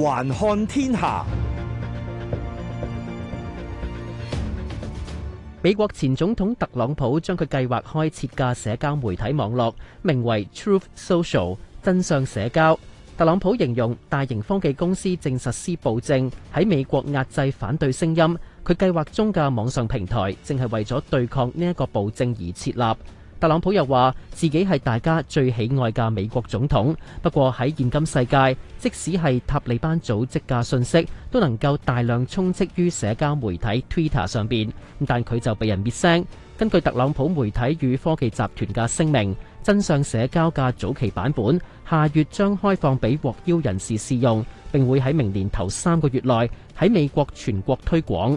環看天下。美國前總統特朗普將佢計劃開設嘅社交媒體網絡名為 Truth Social，真相社交。特朗普形容大型科技公司正實施暴政，喺美國壓制反對聲音。佢計劃中嘅網上平台正係為咗對抗呢一個暴政而設立。特朗普又話自己係大家最喜愛嘅美國總統，不過喺現今世界，即使係塔利班組織嘅信息，都能夠大量充斥於社交媒體 Twitter 上邊，但佢就被人滅聲。根據特朗普媒體與科技集團嘅聲明，真相社交嘅早期版本下月將開放俾獲邀人士試用，並會喺明年頭三個月內喺美國全國推廣。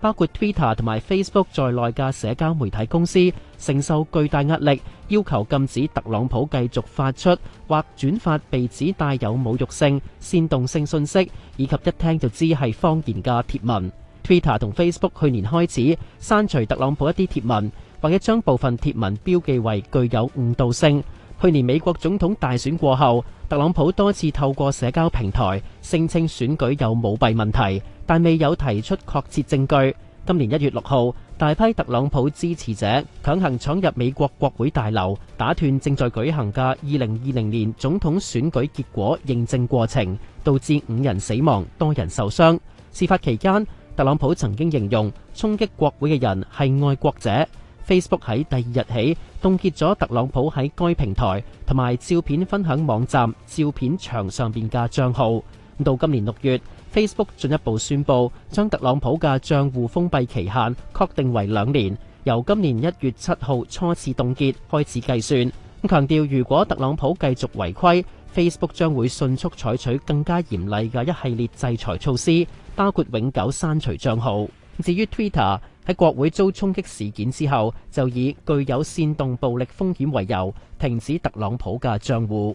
包括 Twitter 同埋 Facebook 在內嘅社交媒體公司，承受巨大壓力，要求禁止特朗普繼續發出或轉發被指帶有侮辱性、煽動性信息，以及一聽就知係謊言嘅貼文。Twitter 同 Facebook 去年開始刪除特朗普一啲貼文，或者將部分貼文標記為具有誤導性。去年美國總統大選過後，特朗普多次透過社交平台聲稱選舉有舞弊問題。但未有提出確切證據。今年一月六號，大批特朗普支持者強行闖入美國國會大樓，打斷正在舉行嘅二零二零年總統選舉結果認證過程，導致五人死亡、多人受傷。事發期間，特朗普曾經形容衝擊國會嘅人係愛國者。Facebook 喺第二日起凍結咗特朗普喺該平台同埋照片分享網站照片牆上邊嘅賬號。到今年六月，Facebook 進一步宣布將特朗普嘅帳戶封閉期限確定為兩年，由今年一月七號初次凍結開始計算。咁強調，如果特朗普繼續違規，Facebook 將會迅速採取更加嚴厲嘅一系列制裁措施，包括永久刪除帳號。至於 Twitter，喺國會遭衝擊事件之後，就以具有煽動暴力風險為由，停止特朗普嘅帳戶。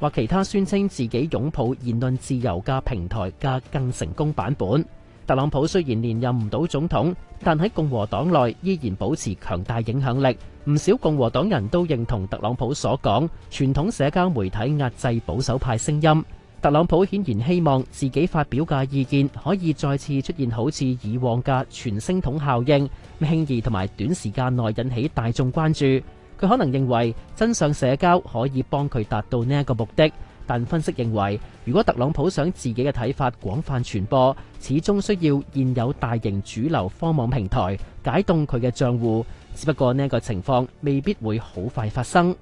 或其他宣稱自己擁抱言論自由嘅平台嘅更成功版本。特朗普雖然連任唔到總統，但喺共和黨內依然保持強大影響力。唔少共和黨人都認同特朗普所講，傳統社交媒體壓制保守派聲音。特朗普顯然希望自己發表嘅意見可以再次出現好似以往嘅傳聲筒效應，輕易同埋短時間內引起大眾關注。佢可能認為真相社交可以幫佢達到呢一個目的，但分析認為，如果特朗普想自己嘅睇法廣泛傳播，始終需要現有大型主流科網平台解凍佢嘅賬戶，只不過呢一個情況未必會好快發生。